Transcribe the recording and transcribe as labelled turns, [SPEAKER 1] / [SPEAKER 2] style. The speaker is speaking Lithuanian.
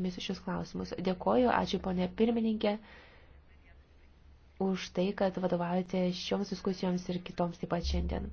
[SPEAKER 1] jumis už šios klausimus. Dėkoju, ačiū ponė pirmininkė už tai, kad vadovaujate šioms diskusijoms ir kitoms taip pat šiandien.